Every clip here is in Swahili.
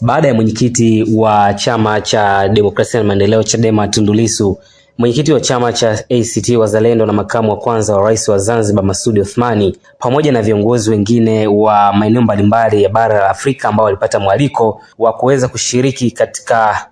Baada ya mwenyekiti wa chama cha demokrasia na maendeleo Chadema Tundu Lissu, mwenyekiti wa chama cha ACT Wazalendo na makamu wa kwanza wa rais wa Zanzibar Masudi Othmani pamoja na viongozi wengine wa maeneo mbalimbali ya bara la Afrika ambao walipata mwaliko wa kuweza kushiriki katika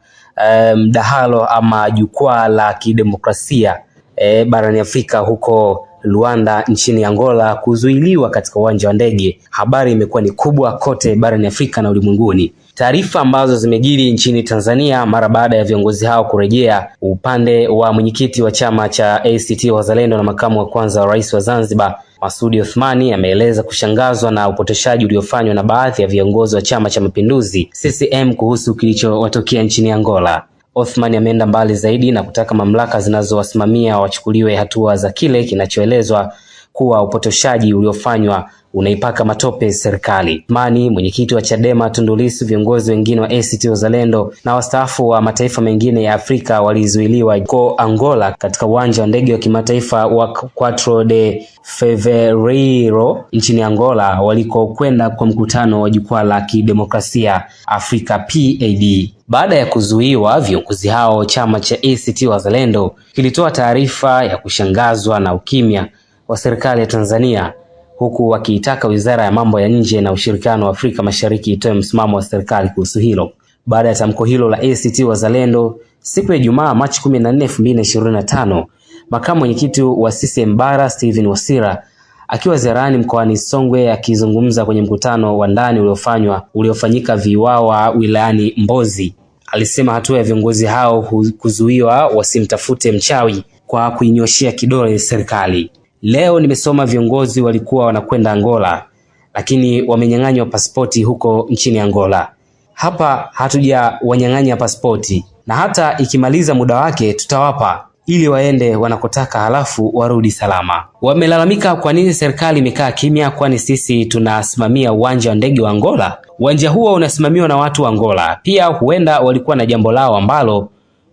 eh, mdahalo um, ama jukwaa la kidemokrasia e, barani Afrika huko Luanda nchini Angola kuzuiliwa katika uwanja wa ndege. Habari imekuwa ni kubwa kote barani Afrika na ulimwenguni. Taarifa ambazo zimejiri nchini Tanzania mara baada ya viongozi hao kurejea. Upande wa mwenyekiti wa chama cha ACT Wazalendo na makamu wa kwanza wa rais wa Zanzibar Masudi Othmani ameeleza kushangazwa na upotoshaji uliofanywa na baadhi ya viongozi wa Chama cha Mapinduzi CCM kuhusu kilichowatokea nchini Angola. Othman ameenda mbali zaidi na kutaka mamlaka zinazowasimamia wachukuliwe hatua za kile kinachoelezwa kuwa upotoshaji uliofanywa unaipaka matope serikali. Mani, mwenyekiti wa Chadema Tundu Lissu, viongozi wengine wa ACT Wazalendo na wastaafu wa mataifa mengine ya Afrika walizuiliwa ko Angola katika uwanja wa ndege wa kimataifa wa Quatro de Fevereiro nchini Angola walikokwenda kwa mkutano wa jukwaa la kidemokrasia Afrika PAD. Baada ya kuzuiwa, viongozi hao, chama cha ACT Wazalendo kilitoa taarifa ya kushangazwa na ukimya wa serikali ya Tanzania huku wakiitaka Wizara ya Mambo ya Nje na Ushirikiano wa Afrika Mashariki itoe msimamo wa serikali kuhusu hilo. Baada ya tamko hilo la ACT Wazalendo siku ya Ijumaa Machi 14, 2025, makamu mwenyekiti wa CCM Bara Stephen Wasira akiwa ziarani mkoani Songwe akizungumza kwenye mkutano wa ndani uliofanywa uliofanyika Viwawa wilayani Mbozi alisema hatua ya viongozi hao kuzuiwa wasimtafute mchawi kwa kuinyoshea kidole serikali. Leo nimesoma viongozi walikuwa wanakwenda Angola, lakini wamenyang'anywa pasipoti huko nchini Angola. Hapa hatujawanyang'anya pasipoti, na hata ikimaliza muda wake tutawapa ili waende wanakotaka halafu warudi salama. Wamelalamika kwa nini serikali imekaa kimya, kwani sisi tunasimamia uwanja wa ndege wa Angola. Uwanja huo unasimamiwa na watu wa Angola, pia huenda walikuwa na jambo lao ambalo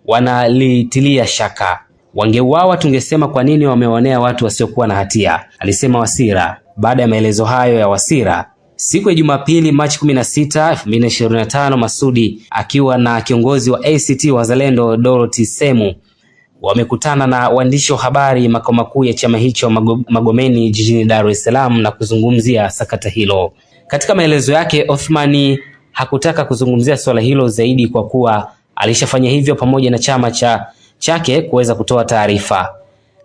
wanalitilia shaka. Wangeuawa tungesema kwa nini wamewaonea watu wasiokuwa na hatia, alisema Wasira. Baada ya maelezo hayo ya Wasira, siku ya Jumapili Machi 16, 2025, Masudi akiwa na kiongozi wa ACT Wazalendo Dorothy Semu wamekutana na waandishi wa habari makao makuu ya chama hicho Magomeni jijini Dar es Salaam na kuzungumzia sakata hilo. Katika maelezo yake, Othmani hakutaka kuzungumzia suala hilo zaidi kwa kuwa alishafanya hivyo pamoja na chama cha chake kuweza kutoa taarifa.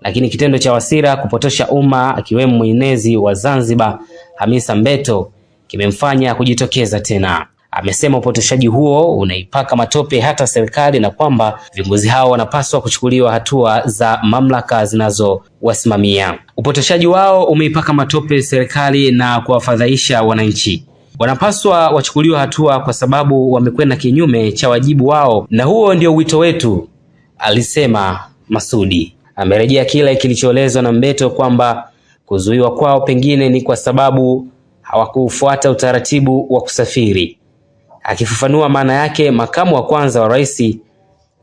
Lakini kitendo cha Wasira kupotosha umma akiwemo mwenezi wa Zanzibar Hamisa Mbeto kimemfanya kujitokeza tena. Amesema upotoshaji huo unaipaka matope hata serikali na kwamba viongozi hao wanapaswa kuchukuliwa hatua za mamlaka zinazowasimamia. Upotoshaji wao umeipaka matope serikali na kuwafadhaisha wananchi. Wanapaswa wachukuliwa hatua kwa sababu wamekwenda kinyume cha wajibu wao, na huo ndio wito wetu alisema Masudi. Amerejea kile kilichoelezwa na Mbeto kwamba kuzuiwa kwao pengine ni kwa sababu hawakufuata utaratibu wa kusafiri. Akifafanua maana yake, makamu wa kwanza wa rais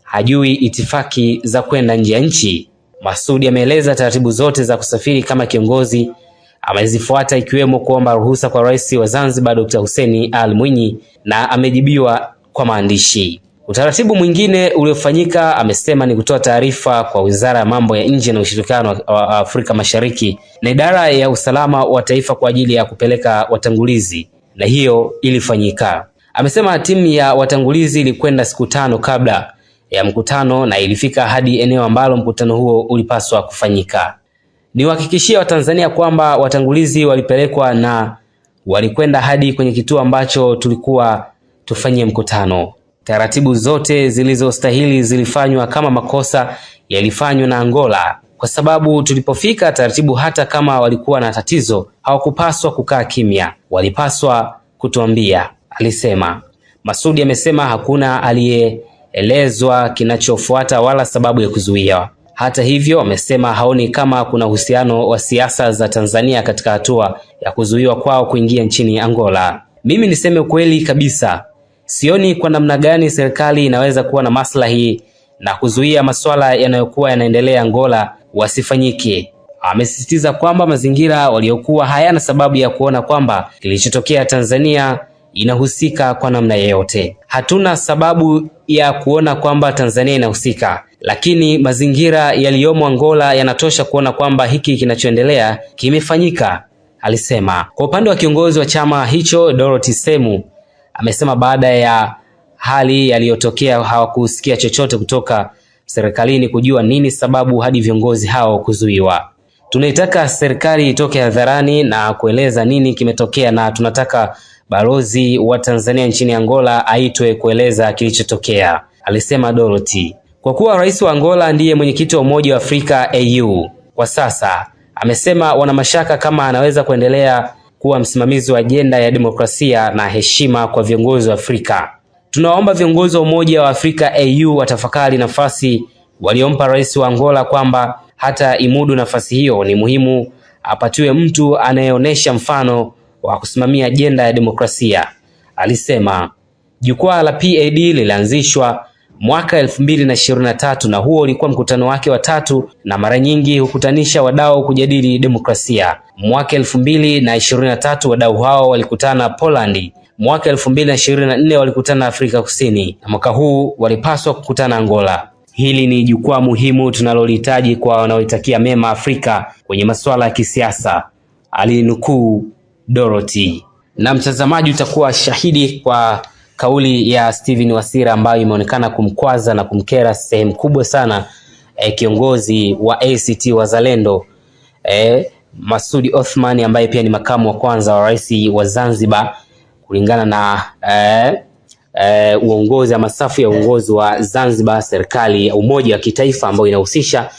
hajui itifaki za kwenda nje ya nchi. Masudi ameeleza taratibu zote za kusafiri kama kiongozi amezifuata ikiwemo kuomba ruhusa kwa rais wa Zanzibar Dr. Hussein al Mwinyi na amejibiwa kwa maandishi. Utaratibu mwingine uliofanyika amesema ni kutoa taarifa kwa Wizara ya Mambo ya Nje na Ushirikiano wa Afrika Mashariki na Idara ya Usalama wa Taifa kwa ajili ya kupeleka watangulizi na hiyo ilifanyika. Amesema timu ya watangulizi ilikwenda siku tano kabla ya mkutano na ilifika hadi eneo ambalo mkutano huo ulipaswa kufanyika. uhakikishia Watanzania kwamba watangulizi walipelekwa na walikwenda hadi kwenye kituo ambacho tulikuwa tufanyie mkutano. Taratibu zote zilizostahili zilifanywa kama makosa yalifanywa na Angola kwa sababu tulipofika taratibu, hata kama walikuwa na tatizo hawakupaswa kukaa kimya, walipaswa kutuambia, alisema Masudi. Amesema hakuna aliyeelezwa kinachofuata wala sababu ya kuzuia. Hata hivyo, amesema haoni kama kuna uhusiano wa siasa za Tanzania katika hatua ya kuzuiwa kwao kuingia nchini Angola. Mimi niseme kweli kabisa Sioni kwa namna gani serikali inaweza kuwa na maslahi na kuzuia masuala yanayokuwa yanaendelea Angola wasifanyike. Amesisitiza kwamba mazingira waliokuwa hayana sababu ya kuona kwamba kilichotokea Tanzania inahusika kwa namna yeyote Hatuna sababu ya kuona kwamba Tanzania inahusika, lakini mazingira yaliyomo Angola yanatosha kuona kwamba hiki kinachoendelea kimefanyika, alisema. Kwa upande wa kiongozi wa chama hicho Dorothy Semu Amesema baada ya hali yaliyotokea hawakusikia chochote kutoka serikalini kujua nini sababu hadi viongozi hao kuzuiwa. Tunaitaka serikali itoke hadharani na kueleza nini kimetokea, na tunataka balozi wa Tanzania nchini Angola aitwe kueleza kilichotokea, alisema Dorothy. Kwa kuwa rais wa Angola ndiye mwenyekiti wa Umoja wa Afrika AU kwa sasa, amesema wana mashaka kama anaweza kuendelea kuwa msimamizi wa ajenda ya demokrasia na heshima kwa viongozi wa Afrika. Tunawaomba viongozi wa Umoja wa Afrika AU watafakari nafasi waliompa rais wa Angola kwamba hata imudu nafasi hiyo, ni muhimu apatiwe mtu anayeonyesha mfano wa kusimamia ajenda ya demokrasia, alisema. Jukwaa la PAD lilianzishwa mwaka 2023 na na huo ulikuwa mkutano wake wa tatu na mara nyingi hukutanisha wadau kujadili demokrasia. Mwaka 2023 wadau hao walikutana Polandi, mwaka 2024 walikutana Afrika Kusini na mwaka huu walipaswa kukutana Angola. Hili ni jukwaa muhimu tunalolihitaji kwa wanaoitakia mema Afrika kwenye masuala ya kisiasa, alinukuu Dorothy. Na mtazamaji utakuwa shahidi kwa kauli ya Steven Wasira ambayo imeonekana kumkwaza na kumkera sehemu kubwa sana e, kiongozi wa ACT Wazalendo e, Masudi Othman ambaye pia ni makamu wa kwanza wa rais wa Zanzibar kulingana na e, e, uongozi ama safu ya uongozi wa Zanzibar, serikali ya umoja wa kitaifa ambayo inahusisha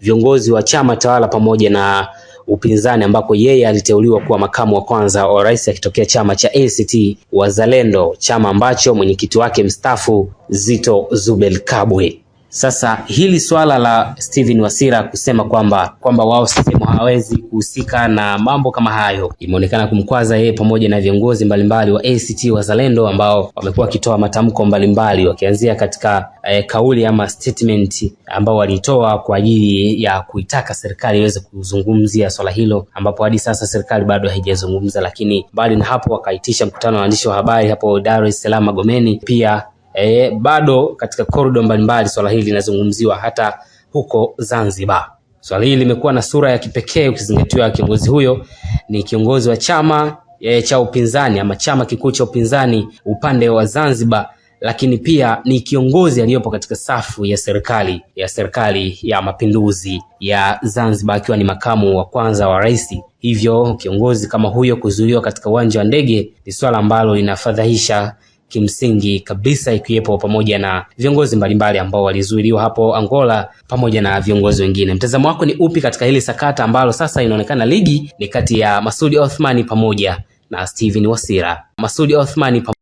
viongozi wa chama tawala pamoja na upinzani ambako yeye aliteuliwa kuwa makamu wa kwanza wa rais akitokea chama cha ACT Wazalendo, chama ambacho mwenyekiti wake mstaafu Zito Zubel Kabwe sasa hili swala la Steven Wasira kusema kwamba kwamba wao CCM hawezi kuhusika na mambo kama hayo imeonekana kumkwaza yeye pamoja na viongozi mbalimbali wa ACT Wazalendo ambao wamekuwa wakitoa matamko mbalimbali wakianzia katika eh, kauli ama statement ambao walitoa kwa ajili ya kuitaka serikali iweze kuzungumzia swala hilo, ambapo hadi sasa serikali bado haijazungumza. Lakini mbali na hapo, wakaitisha mkutano wa waandishi wa habari hapo Dar es Salaam Magomeni pia e, bado katika korido mbalimbali swala hili linazungumziwa hata huko Zanzibar. Swala hili limekuwa na sura ya kipekee ukizingatiwa kiongozi huyo ni kiongozi wa chama e, cha upinzani ama chama kikuu cha upinzani upande wa Zanzibar, lakini pia ni kiongozi aliyopo katika safu ya serikali ya serikali ya mapinduzi ya Zanzibar, akiwa ni makamu wa kwanza wa rais. Hivyo kiongozi kama huyo kuzuiliwa katika uwanja wa ndege ni swala ambalo linafadhaisha kimsingi kabisa, ikiwepo pamoja na viongozi mbalimbali ambao walizuiliwa hapo Angola pamoja na viongozi wengine. Mtazamo wako ni upi katika hili sakata ambalo sasa inaonekana ligi ni kati ya Masudi Othmani pamoja na Steven Wasira? Masudi Othmani